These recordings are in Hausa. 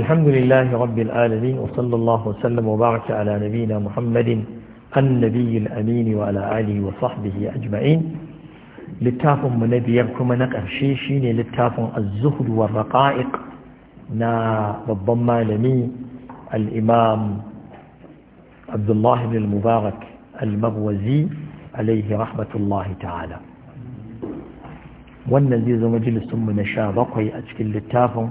الحمد لله رب العالمين وصلى الله وسلم وبارك على نبينا محمد النبي الأمين وعلى آله وصحبه أجمعين لتافهم من نبيكم نقر شيشين لتافهم الزهد والرقائق نا ربما لمي الإمام عبد الله بن المبارك المغوزي عليه رحمة الله تعالى والنزيز مجلس من شابقي أجل لتافهم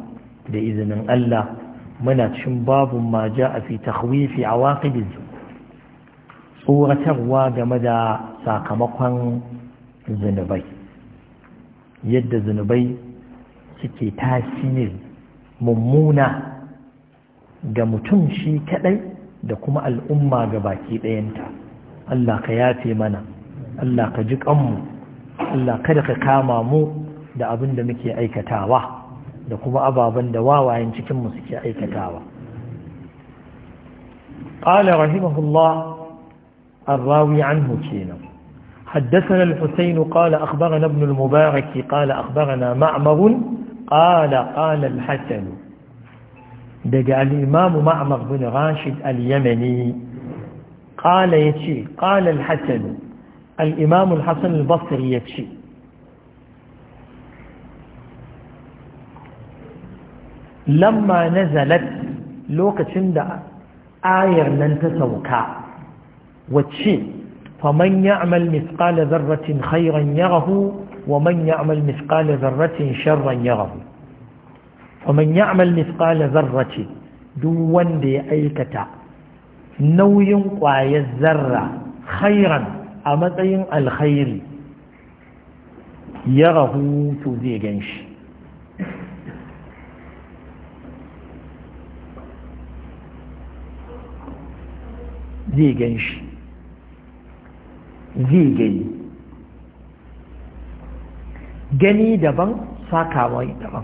da izinin Allah muna cikin babun ma ja a fi takwifi a waƙibin tsoratarwa game da sakamakon zunubai yadda zunubai suke tasiri mummuna ga mutum shi kaɗai da kuma al'umma ga baki ɗayanta Allah ka yafe mana Allah ka ji ƙanmu Allah kada ka kama mu da abin da muke aikatawa da kuma ababen da wawayen cikinmu suke aikatawa قال رحمه الله الراوي عنه كينا حدثنا الحسين قال أخبرنا ابن المبارك قال أخبرنا معمر قال قال الحسن دقى الإمام معمر بن راشد اليمني قال يتشي قال الحسن الإمام الحسن البصري يتشي lamma nazalat lokacin da ayar nan ta sauka wacce faman ya'mal mithqala dharratin khairan yarahu wa man ya'mal mithqala dharratin sharran yarahu faman ya'mal mithqala dharratin duk wanda ya aikata nauyin ƙwayar zarra khairan a matsayin alkhairi yarahu to zai ganshi zai gan shi zai gani gani daban sakawa daban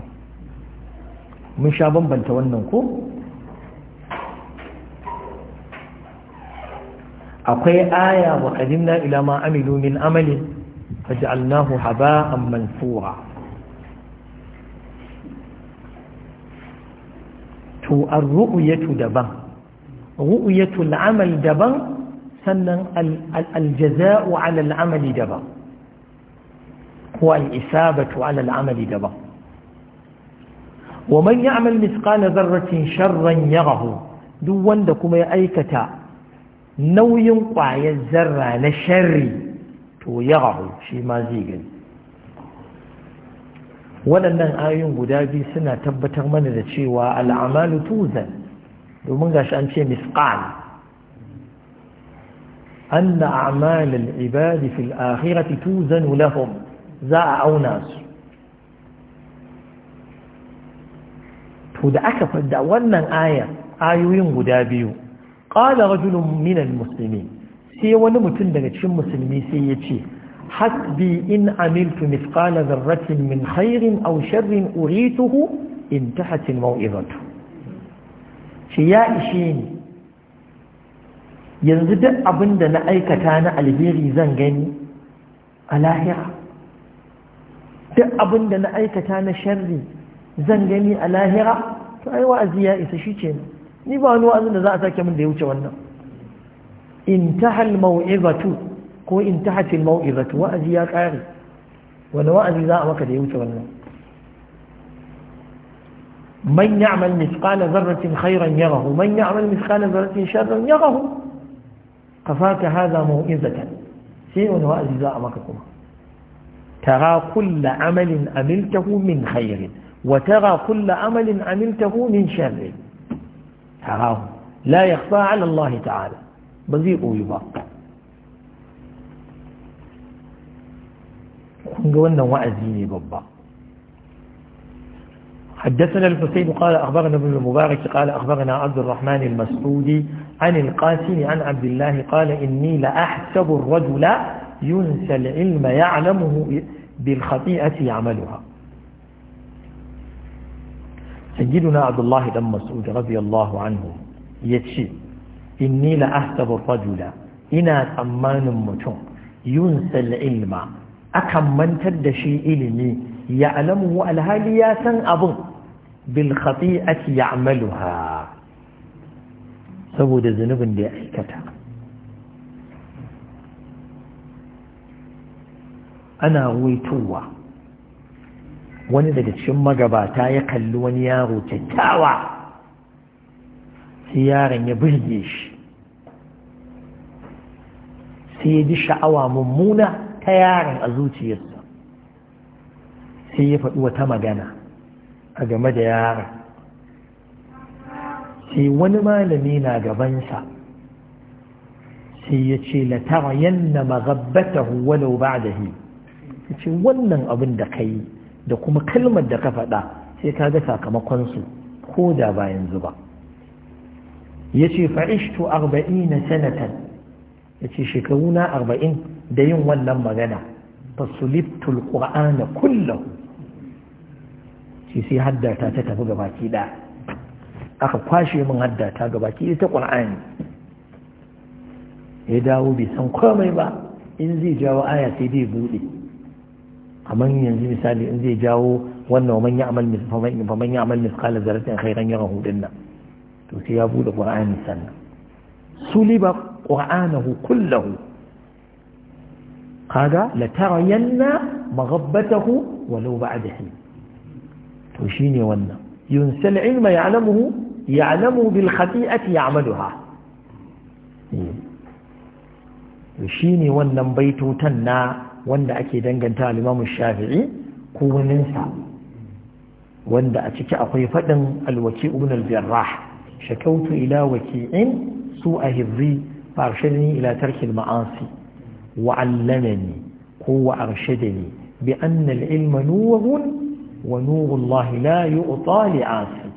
mun sha bambanta wannan ko akwai aya wa qadimna ila ma aminu min amali haba haba'an mansura to ar-ru'yatu daban ru'yatul amal daban sannan aljaza'u ala al'amali daban ko al'isabatu ala al'amali daban wa man ya'mal mithqala dharratin sharran yarahu duk wanda kuma ya aikata nauyin ƙwayar zarra na sharri to yarahu shi ma zai gani waɗannan ayoyin guda biyu suna tabbatar mana da cewa al'amalu tuzan domin gashi an ce misqal anna a'malul ibadi fil akhirati tuzanu lahum za a auna su to da aka fada wannan aya ayoyin guda biyu qala rajulun minal muslimin sai wani mutum daga cikin musulmi sai ya ce hasbi in amiltu miskala dharratin min khairin aw sharrin urituhu intahat al-maw'izatu shi ya ishe ni yanzu duk abin da na aikata na alheri zan gani a lahira duk abin da na aikata na sharri zan gani a lahira to ai wa'azi ya isa shi ce ni ba wani wa'azin da za a sake min da ya wuce wannan intaha al-mau'izatu ko intahat al-mau'izatu wa'azi ya ƙare. wani wa'azi za a maka da ya wuce wannan من يعمل مثقال ذرة خيرا يره من يعمل مثقال ذرة شرا يره قفاك هذا موئزة شيء وأجزاء مككما ترى كل عمل عملته من خير وترى كل عمل عملته من شر تراه لا يخفى على الله تعالى بذيء يبقى kun ga wannan wa'azi حدثنا الحسين قال أخبرنا ابن المبارك قال أخبرنا عبد الرحمن المسعودي عن القاسم عن عبد الله قال إني لأحسب الرجل ينسى العلم يعلمه بالخطيئة يعملها سيدنا عبد الله بن مسعود رضي الله عنه يتشي إني لأحسب الرجل إنا أمان متون ينسى العلم أكمن تدشي إلمي يعلمه الهالي يا سن أبو بالخطيئة يعملها سبود الذنوب لأيكتها أنا غويتوا ونذكر شما قباتا يكلون يا غوتتاوا سيارة يبهديش سيدي شعوى ممونة كيارة أزوتي يسا سيفت وتمغنى a game da yaron sai wani malami na gabansa sai ya ce la tara yanna maghabbatahu da hi ya ce wannan abin da ka yi da kuma kalmar da ka faɗa sai ka ga sakamakonsu ko da ba yanzu ba ya ce fa'ishtu arba'ina sanatan ya ce na arba'in da yin wannan magana fasulibtul ƙur'ana kullahu ce sai haddata ta tafi gabaki da aka kwashe min haddata gabaki ta ƙur'ani ya dawo bai san komai ba in zai jawo aya sai dai buɗe kamar yanzu misali in zai jawo wannan wa manya amal fa manya amal misqala zarratin khairan yara hudin nan to sai ya buɗe ƙur'ani sannan suliba qur'anahu kullahu kaga la tarayanna maghabbatahu walau ba'da hin to shine wannan yunsal ilma ya'lamuhu ya'lamu bil khati'ati ha? Eh. to shine wannan baitutan na wanda ake danganta Limamin Shafi'i ko waninsa wanda a ciki akwai fadin al-Waki ibn al-Jarrah shakautu ila waki'in su'a hirri فأرشدني إلى ترك المعاصي وعلمني bi أرشدني بأن العلم nurun ونور الله لا يؤطى لعاصي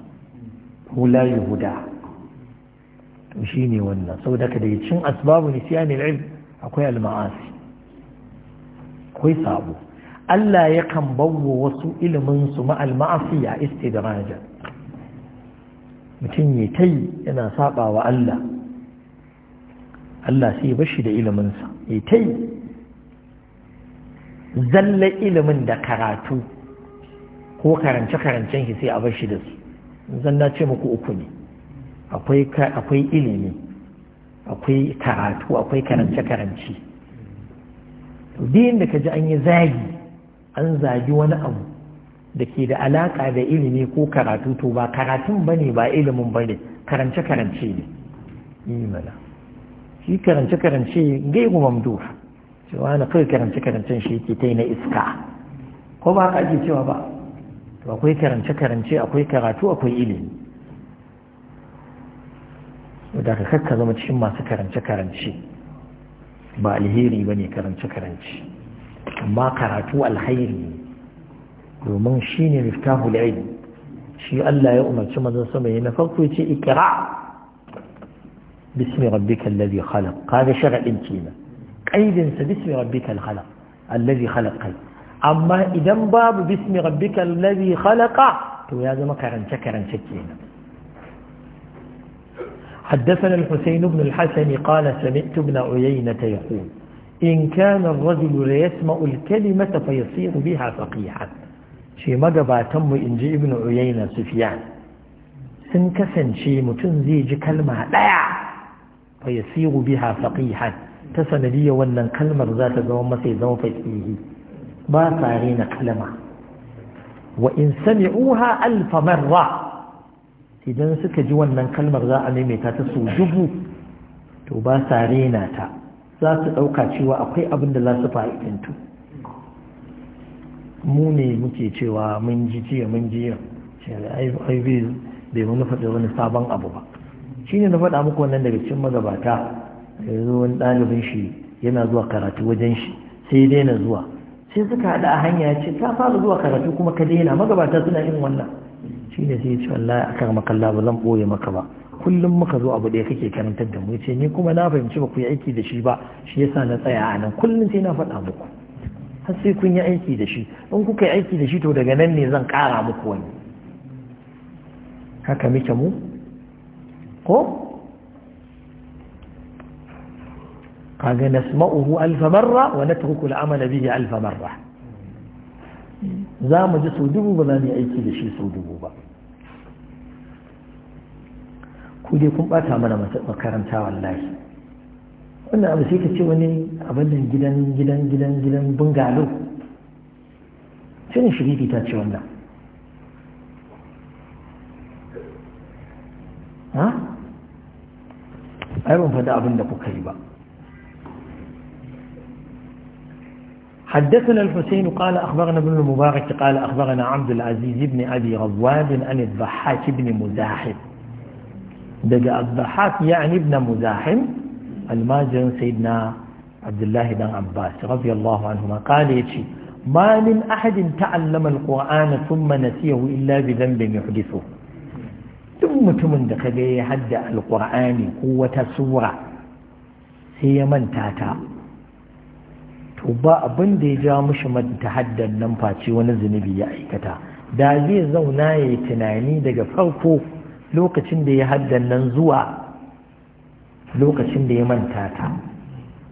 هو لا يهدى وشيني ونا سو ذاك دي شن أسباب نسيان العلم أقوي المعاصي أقوي صعبو ألا يكن بو وسوء من سمع المعصية استدراجا mutum ya ta yi yana saba wa Allah Allah sai bashi da iliminsa ya ta yi zalla ilimin da karatu ko karance-karancen shi sai a bar shi da su zan na ce muku uku ne akwai ilimi akwai karatu akwai karance-karance biyun da ka ji an yi zagi an zagi wani abu da ke da alaka da ilimi ko karatu to ba karatun ba ne ba ilimin ba ne karance-karance ne imana shi karance-karance gaibu mamduha cewa na kai karance-karancen shi ke ta yi na iska ko ba ka ake cewa ba to akwai karance-karance akwai karatu akwai ilimi da ka kakka zama cikin masu karance-karance ba alheri ba ne karance-karance amma karatu alhairi ne domin shi ne miftahu la'ili shi Allah ya umarci manzon sama yi na farko ce ikira bismi rabbi kallabi allazi khalaq kaga sharadin kenan qaidin sa bismi rabbika al-khalaq allazi khalaq amma idan babu bismi ربك الذي khalaqa to ya zama karance karance kenan حدثنا الحسين بن الحسن قال سمعت ابن عيينة يقول إن كان الرجل ليسمع الكلمة فيصير بها فقيحا شي قبا تم إنجي ابن عيينة سفيان سنكسن شي متنزيج كلمة لا فيصير بها فقيحا تسن لي ولن كلمة ذات زوم سيزوم فيه ba sa rena kalma wa in sami'uha alf marra idan suka ji wannan kalmar za a maimaita ta su dubu to ba sa rena ta za su ɗauka cewa akwai abin da za su fa'idantu mu ne muke cewa mun ji jiya mun jiya ai bai wani faɗi wani sabon abu ba shi ne na faɗa muku wannan daga cikin magabata yanzu wani ɗalibin shi yana zuwa karatu wajen shi sai dai na zuwa sai suka haɗa a hanya ce ta fara zuwa karatu kuma ka daina magabata suna yin wannan shi ne sai ce wallahi a karma kalla ba zan ɓoye maka ba kullum muka zo abu ɗaya kake karantar da mu ce ni kuma na fahimci ba ku yi aiki da shi ba shi yasa na tsaya a nan kullum sai na faɗa muku har sai kun yi aiki da shi in kuka yi aiki da shi to daga nan ne zan ƙara muku wani haka muke mu ko kaga nasma'uhu alfa marra wa natruku al'amala bihi alfa marra za mu ji sau dubu ba za mu yi aiki da shi sau dubu ba ku dai kun bata mana makaranta wallahi wannan abu sai ka ce wani abin nan gidan gidan gidan gidan bungalo cin shiriki ta ce wannan ha ai ban abin da kuka yi ba حدثنا الحسين قال أخبرنا ابن المبارك قال أخبرنا عبد العزيز بن أبي رواد عن الضحاك بن مزاحم دقى الضحاك يعني ابن مزاحم الماجن سيدنا عبد الله بن عباس رضي الله عنهما قال يتشي ما من أحد تعلم القرآن ثم نسيه إلا بذنب يحدثه ثم تمن da kaga القرآن قوة السوره هي من تاتا to ba abin da ya ja ta haddan nan face wani zunubi ya aikata da zai zauna ya yi tunani daga farko lokacin da ya haddan nan zuwa lokacin da ya manta ta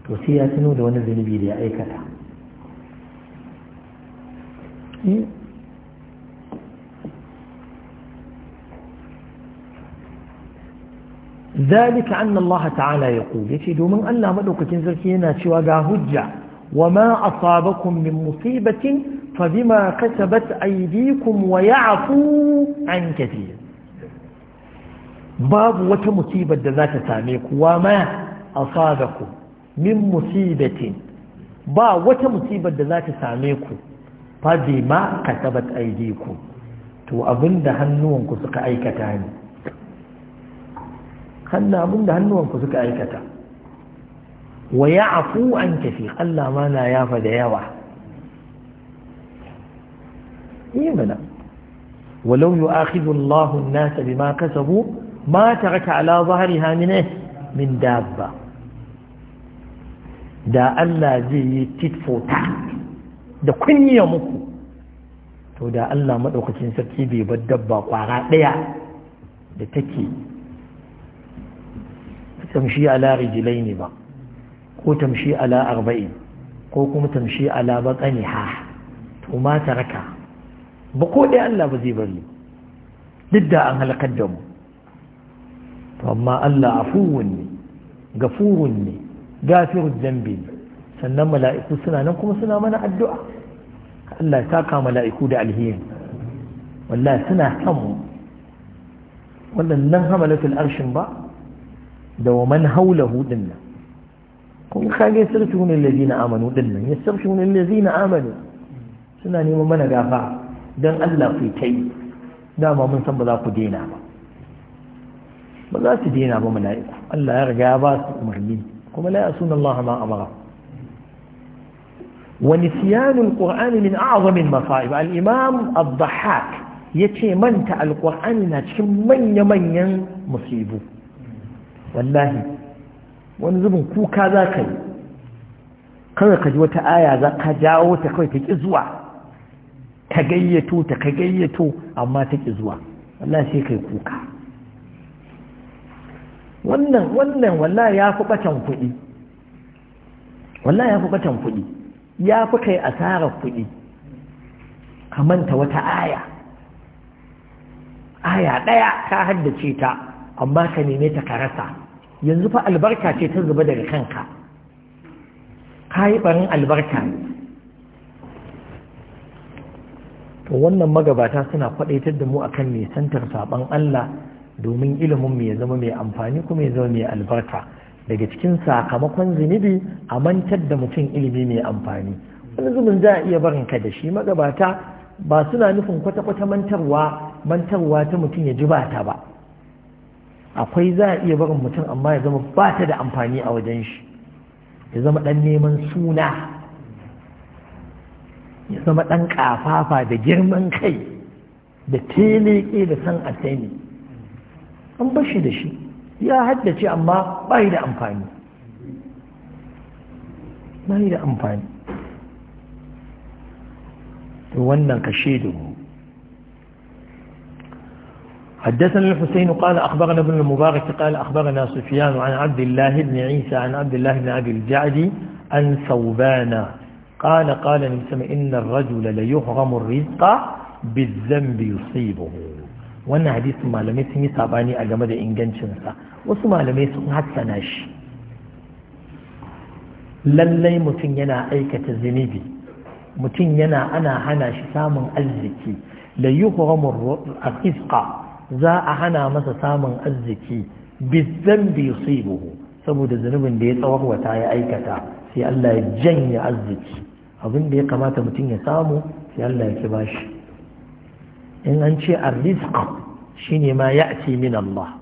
to sai ya tuno da wani zunubi da ya aikata ذلك أن الله تعالى يقول يتي دومن ألا مدوك كنزر كينا شوى hujja. وما أصابكم من مصيبة فبما كسبت أيديكم ويعفو عن كثير باب وتمصيبة ذات ساميك وما أصابكم من مصيبة با wata musibar da za ta same ku fa bi ma kasabat aydikum to abin hannuwanku suka aikata ne hannu da hannuwanku suka aikata wa afu an kafi Allah ma na yafa da yawa yi mana walau yu'akhidhu Allahu nasa bima kasabu ma raka ala zahriha min eh, min dabba da Allah zai yi titfota da kunya muku to da Allah maɗaukacin sarki bai bar dabba ƙwara ɗaya da take samshi a lari jilai ne ba ko tamshi ala arba'in ko kuma tamshi ala baƙani ha to ma ta raka ba ko ɗaya Allah ba zai bari duk da an halakar da mu to amma Allah afuwun ne gafurun ne gafirun zambi ne sannan mala'iku suna nan kuma suna mana addu'a Allah ta ka mala'iku da alheri wallahi suna kan mu wannan hamalatul arshin ba da wa man haulahu dinnan kuma kage yastaghfiruna allazina amanu dinnan yastaghfiruna allazina amanu suna neman mana gafa dan Allah ku tai dama mun san ba za ku daina ba ba za su daina ba mala'iku Allah ya riga ya ba su umarni kuma la yasuna Allah ma amara ونسيان القرآن من أعظم المصائب الإمام الضحاك manta منت na cikin manya-manyan musibu wallahi. wani zubin kuka za ka yi kawai ka ji wata aya za ka jawo ta kawai ta ƙi zuwa ta gayyato ta ka gayyato amma ta ƙi zuwa wallah sai kai kuka wannan wannan wallah ya fi ɓatan kuɗi wallah ya fi ɓatan kuɗi ya fi kai asarar kuɗi ka manta wata aya aya ɗaya ka haddace ta amma ka neme ta ka rasa yanzu fa albarka ce ta zuba daga kanka ka yi barin albarka to wannan magabata suna faɗaitar da mu akan nisantar saɓon Allah domin ilimin mai ya zama mai amfani kuma ya zama mai albarka daga cikin sakamakon zunubi a mantar da mutum ilimi mai amfani wani zubin za a iya barin ka da shi magabata ba suna nufin kwata-kwata mantarwa mantarwa ta mutum ya ji ba ta ba akwai za a iya barin mutum amma ya zama ba ta da amfani a wajen shi ya zama ɗan neman suna ya zama ɗan ƙafafa da girman kai da teleke da san a an bar shi da shi ya haddace amma ba yi da amfani ba yi da amfani wannan ka shaidu حدثنا الحسين قال أخبرنا ابن المبارك قال أخبرنا سفيان عن عبد الله بن عيسى عن عبد الله بن أبي الجعدي عن ثوبان قال قال نسمع إن الرجل ليهرم الرزق بالذنب يصيبه وانا حديث ما لم يسمي ساباني أجمد إنجان شنسا وسمع لم يسمي حتى ناش للي متنينا أيكة زنيبي متنينا أنا حناش شسام الزكي ليهرم الرزق za a hana masa samun arziki bizan bi yusibuhu saboda zunubin da ya tsawarwata ya aikata sai Allah ya janye arziki abin da ya kamata mutum ya samu sai Allah ya kiba shi in an ce arrizq shine ma ya'ti min Allah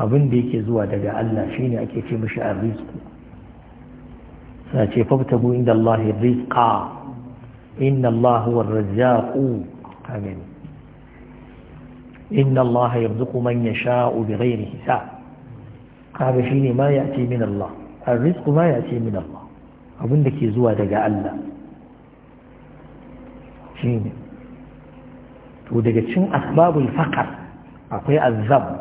abin da yake zuwa daga Allah shine ake ce mishi arrizq sai ce fabtabu inda Allah rizqa inna Allah huwa ar amin inna Allah yarzuqu man rai bighairi hisab kaga shine ma ya'ti min Allah arrizqu ma ya'ti min Allah abinda ke zuwa daga Allah shine to daga cin asbabul faƙar akwai azab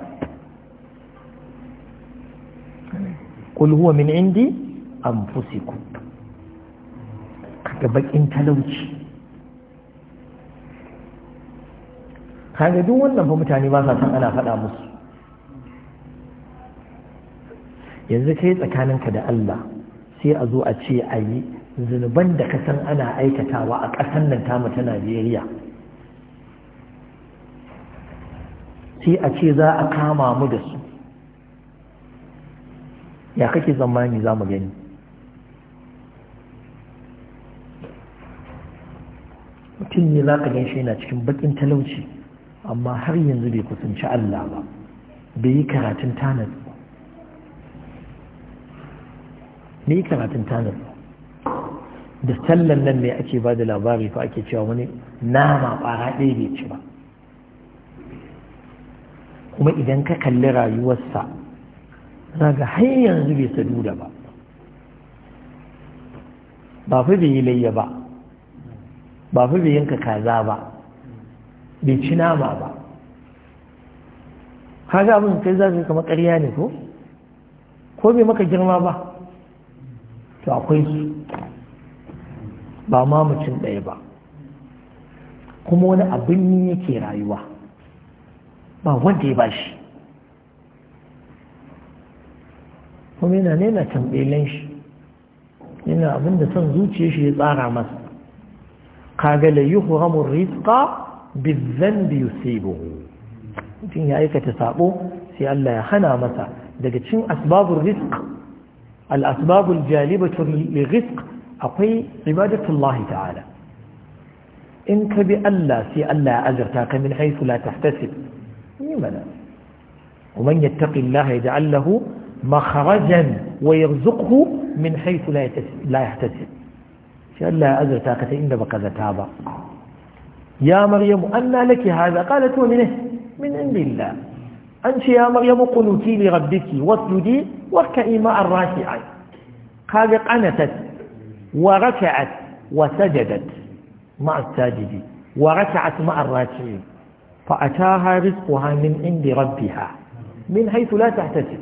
qul huwa min indi anfusikum kaga baƙin talauci kaga duk wannan fa mutane ba sa san ana faɗa musu yanzu kai tsakaninka da Allah sai a zo a ce a yi zunuban da ka san ana aikatawa a ƙasar nan tamu ta Najeriya sai a ce za a kama mu da su ya kake zamani za mu gani mutum ne za ka gan shi yana cikin bakin talauci amma har yanzu bai kusanci Allah ba bai yi karatun tanar ba ne yi karatun tanar ba da sallan nan ne ake ba da labari fa ake cewa wani nama ɓara ɗaya bai ci ba kuma idan ka kalli rayuwarsa za ga har yanzu bai sadu da ba ba fi bai yi layya ba ba fi bai yanka kaza ba bai ci nama ba kaga abin kai za yi kama ƙarya ne ko ko bai maka girma ba to akwai su ba ma mutum ɗaya ba kuma wani abin ne yake rayuwa ba wanda ya ba shi. kuma yana nena tambayin shi yana abin da son zuciya shi ya tsara masa kagala yi huramun rizqa بالذنب يثيبه إن يأيك تسعبه سي ألا يخنى مسا دقيت شن أسباب الرزق الأسباب الجالبة لغزق أقي عبادة الله تعالى إنك بألا سي ألا أجرتاك من حيث لا تحتسب يمنى ومن يتق الله يجعل له مخرجا ويرزقه من حيث لا يحتسب ان سي ألا أجرتاك إن بقذ تابا يا مريم أنى لك هذا قالت ومنه من عند الله أنت يا مريم قنوتي لربك واسجدي واركعي مع الراكعين قال قنتت وركعت وسجدت مع الساجدين وركعت مع الراكعين فأتاها رزقها من عند ربها من حيث لا تحتسب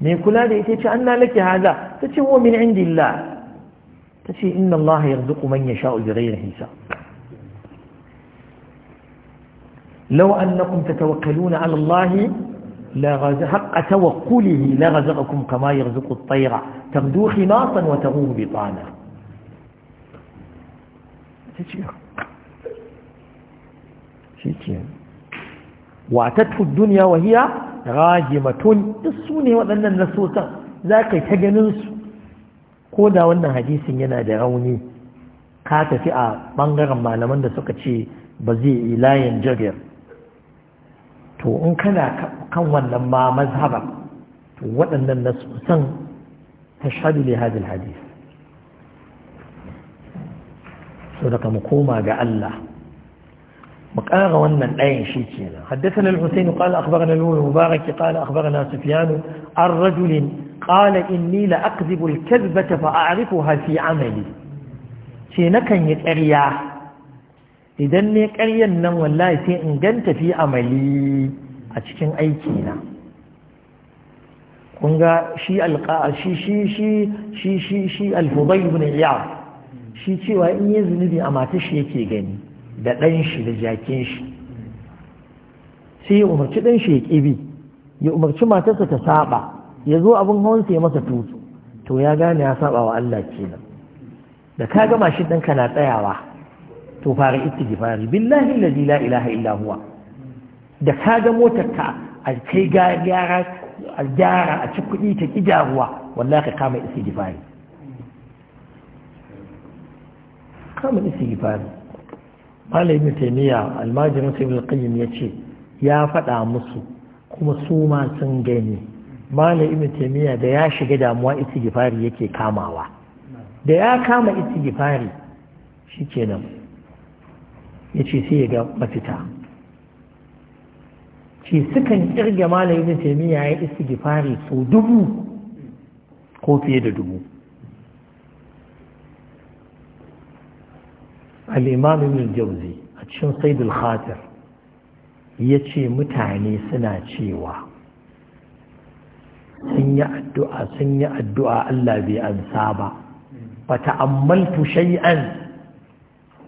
من كل هذا يتيش أن لك هذا تتي هو من عند الله تتي إن الله يرزق من يشاء بغير حساب لو أنكم تتوكلون على الله حق توكله لرزقكم كما يرزق الطير تغدو خماصا وتغوه بطانا واتته الدنيا وهي راجمة السوني وأن النسوسة ذاك تجنس كودا وأن حديث ينادى روني كاتفئة بانغرما لمن سكتشي بزيء لا ينجرر to in kana kan wannan ma mazhaba to waɗannan na san tashhadu li hadha alhadith so daga mu koma ga Allah mu ƙara wannan ɗayan shi kenan haddathana al-husayn qala akhbarana al-mubarak qala akhbarana sufyan ar-rajul qala inni la akdhibu al-kadhbata fa a'rifuha fi amali ce nakan yi ƙarya idan ne ƙaryan nan wallahi sai in ganta fi amali a cikin aiki na Kunga ga shi shi shi shi shi shi shi alfubai ibn ya shi cewa in yi zunubi a mata yake gani da ɗan shi da jakin shi sai ya umarci ɗan shi ya ƙibi ya umarci matarsa ta saba ya zo abin hawan sai masa tutu to ya gane ya saba wa Allah kenan da ka gama shi ɗanka na tsayawa to fara istighfari billahi allazi la ilaha illa huwa da ka ga motar ka a kai ga gyara a gyara a ci kuɗi ta kijaruwa wallahi ka kama istighfari kama istighfari malai ibn taymiya almajirin sai ibn qayyim yace ya faɗa musu kuma su ma sun gani malai ibn taymiya da ya shiga damuwa istighfari yake kamawa da ya kama istighfari shikenan ya ce sai ya ga mafita ce sukan kirga malam ibn taymiya ya istighfari sau dubu ko fiye da dubu a limamin ibn a cikin saidul khatir ya ce mutane suna cewa sun yi addu'a sun yi addu'a Allah bai ansa ba ba ta'ammaltu shay'an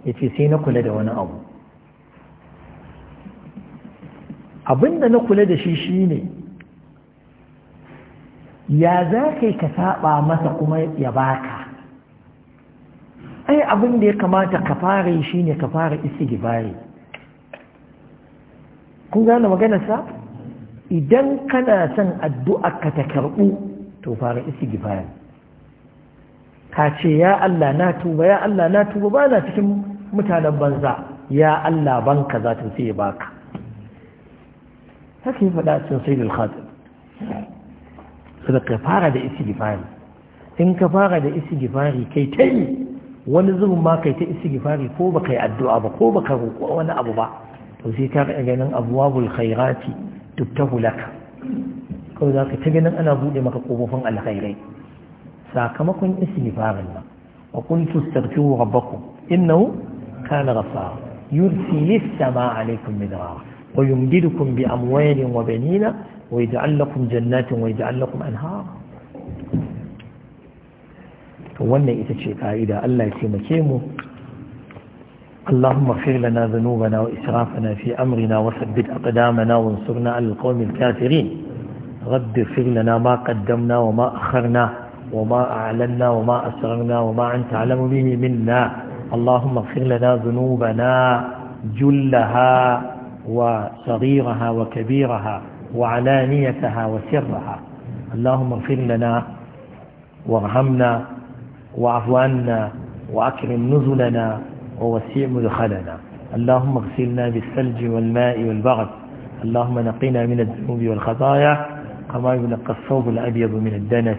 ya ce sai na kula da wani abu abinda na kula da shi shine ya za ka saba masa kuma ya baka ai abinda ya kamata ka fara shi ne ka fara istighfari kun gane maganarsa idan kana son addu'a ka ta karɓu to fara istighfari ka ce ya Allah na tuba ya Allah na tuba ba na cikin mutanen banza ya Allah banka za ta sai ya baka haka yi faɗa cikin sai da khatir ka fara da istighfari in ka fara da istighfari kai ta wani zubin ma kai ta istighfari ko baka yi addu'a ba ko baka roƙo wani abu ba to sai ka ganin abwabul khairati tuftahu laka kawai za ka ta ganin ana bude maka ƙofofin alkhairai sakamakon istighfarin nan wa qultu astaghfiru rabbakum innahu kana ghaffara yursilis sama alaikum midrara wa yumdidukum bi amwalin wa banina wa yaj'al lakum jannatin wa yaj'al lakum anhara wannan ita ce ka'ida Allah ya taimake mu اللهم اغفر لنا ذنوبنا وإسرافنا في أمرنا وثبت أقدامنا وانصرنا على القوم الكافرين رب اغفر لنا ما قدمنا وما أخرنا وما أعلنا وما أسررنا وما أنت أعلم به منا اللهم اغفر لنا ذنوبنا جلها وصغيرها وكبيرها وعلانيتها وسرها اللهم اغفر لنا وارحمنا واعف عنا واكرم نزلنا ووسع مدخلنا اللهم اغسلنا بالثلج والماء والبرد اللهم نقنا من الذنوب والخطايا كما ينقى الثوب الابيض من الدنس